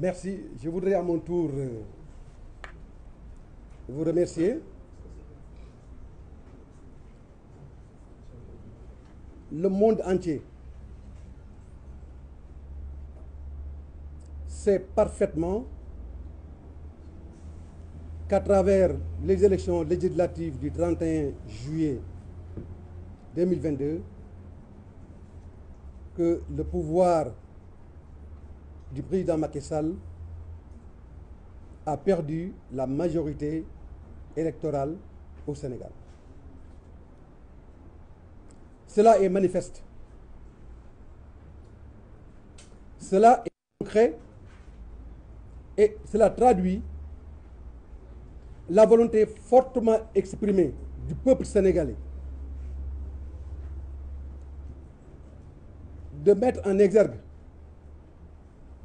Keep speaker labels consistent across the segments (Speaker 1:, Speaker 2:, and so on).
Speaker 1: Merci. Je voudrais à mon tour euh, vous remercier. Le monde entier sait parfaitement qu'à travers les élections législatives du 31 juillet 2022, que le pouvoir du président Macky Sall a perdu la majorité électorale au Sénégal. Cela est manifeste. Cela est concret et cela traduit la volonté fortement exprimée du peuple sénégalais de mettre en exergue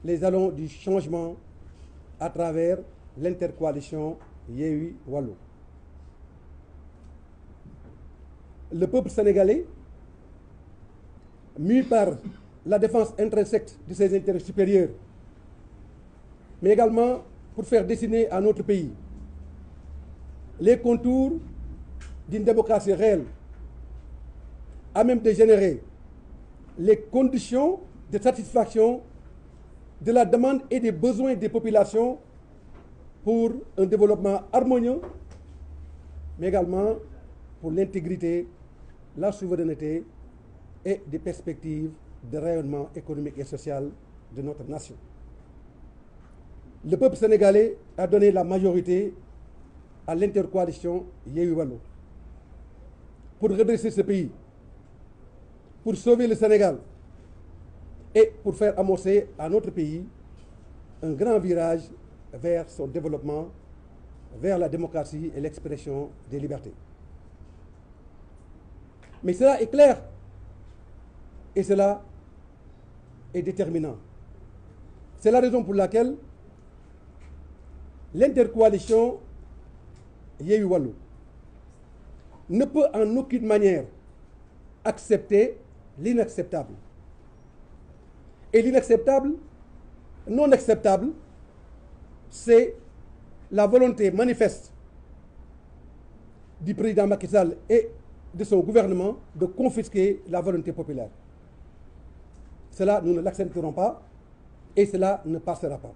Speaker 1: les allons du changement à travers l'intercoalition Yewwi Wallu. Le peuple sénégalais, mû par la défense intrinsèque de ses intérêts supérieurs, mais également pour faire dessiner à notre pays les contours d'une démocratie réelle, à même de générer les conditions de satisfaction de la demande et des besoins des populations pour un développement harmonieux, mais également pour l'intégrité, la souveraineté et des perspectives de rayonnement économique et social de notre nation. Le peuple sénégalais a donné la majorité à l'intercoalition Yewwi Wallu pour redresser ce pays, pour sauver le Sénégal. et pour faire amorcer à notre pays un grand virage vers son développement, vers la démocratie et l'expression des libertés. Mais cela est clair et cela est déterminant. C'est la raison pour laquelle l'intercoalition Yewwi Wallu ne peut en aucune manière accepter l'inacceptable. Et l'inacceptable, non acceptable, c'est la volonté manifeste du président Macky Sall et de son gouvernement de confisquer la volonté populaire. Cela, nous ne l'accepterons pas et cela ne passera pas.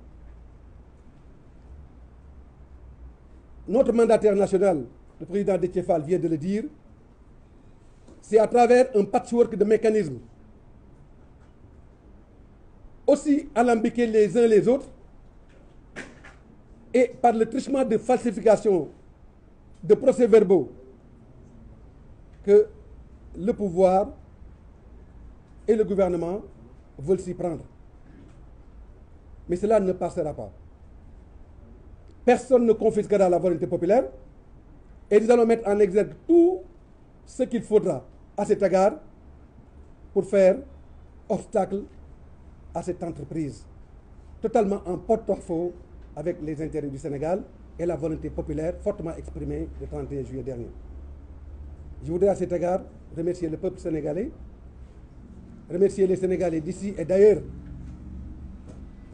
Speaker 1: Notre mandataire national, le président Déthié Fall vient de le dire, c'est à travers un patchwork de mécanismes aussi alambiqués les uns les autres et par le truchement de falsification de procès-verbaux que le pouvoir et le gouvernement veulent s'y prendre. Mais cela ne passera pas. Personne ne confisquera la volonté populaire et nous allons mettre en exergue tout ce qu'il faudra à cet égard pour faire obstacle à cette entreprise, totalement en porte à avec les intérêts du Sénégal et la volonté populaire fortement exprimée le 31 juillet dernier. Je voudrais à cet égard remercier le peuple sénégalais, remercier les Sénégalais d'ici et d'ailleurs,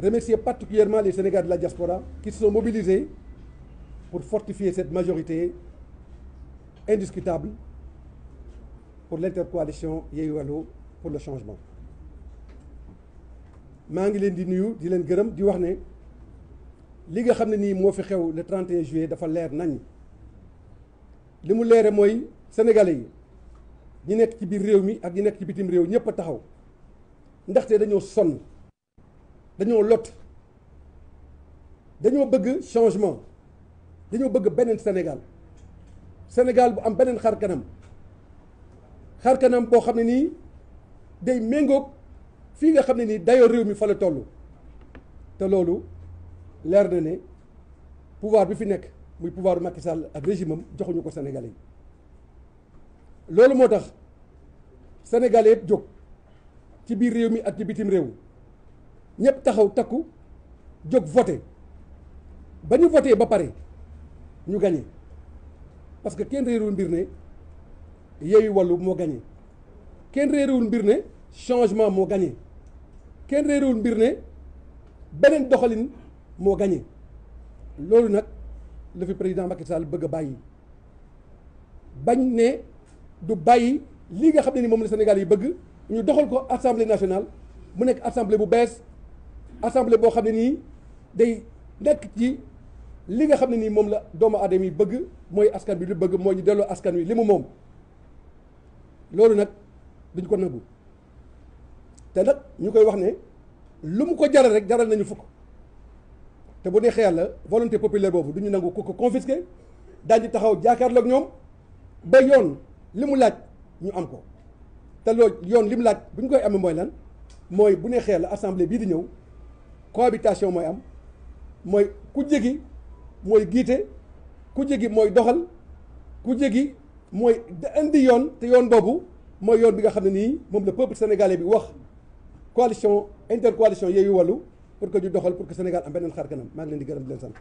Speaker 1: remercier particulièrement les Sénégalais de la diaspora qui se sont mobilisés pour fortifier cette majorité indiscutable pour l'intercoalition Yewalo pour le changement. maa ngi leen di nuyu di leen gërëm di wax ne li nga xam ne nii moo fi xew le 31 juillet dafa leer nañ li mu leere mooy sénégalais yi ñi nekk ci biir réew mi ak ñi nekk ci bitim réew ñëpp a taxaw ndaxte dañoo sonn dañoo lot dañoo bëgg changement dañoo bëgg beneen Sénégal Sénégal bu am beneen xarkanam kanam xar kanam boo xam ne nii day méngook fii nga xam ne nii dayoo réew mi fa la toll te loolu leer na ne pouvoir bi fi nekk muy pouvoir Macky Sall ak régime joxuñu ko Sénégalais loolu moo tax Sénégalais yëpp jóg ci biir réew mi ak ci bitim réew ñëpp taxaw takku jóg voté ba ñu voté ba pare ñu gagné parce que kenn réerul mbir ne Yewwi Wallu moo gagné kenn réerul mbir ne. changement moo gagné kenn réerewul mbir ne beneen doxalin moo gagné loolu nag la fi président Macky Sall bëgg a bàyyi bañ ne du bàyyi lii nga xam ne ni moom la Sénégal yi bëgg ñu doxal ko assemblée national mu nekk assemblée bu bees assemblée boo xam ne nii day nekk ci li nga xam ne nii moom la doomu aadama yi bëgg mooy askan bi lu bëgg mooy ñu delloo askan wi li mu moom loolu nag duñ ko nagu te nag ñu koy wax ne lu mu ko jaral rek jaral nañu fukk te bu neexee la volonté populaire boobu du ñu nangu ku ko confisqué daañu taxaw jaakaarloog ñoom ba yoon li mu laaj ñu am ko te loolu yoon li mu laaj bu ñu koy amee mooy lan mooy bu neexee la assemblée bii di ñëw cohabitation mooy am mooy ku jégi mooy giite ku jégi mooy doxal ku jégi mooy indi yoon te yoon boobu mooy yoon bi nga xam ne nii moom la peuple sénégalais bi wax coalition intercoalition Yewwi Wallu pour que ñu doxal pour que Sénégal am beneen xar kanam maa ngi leen di gërëm di leen sant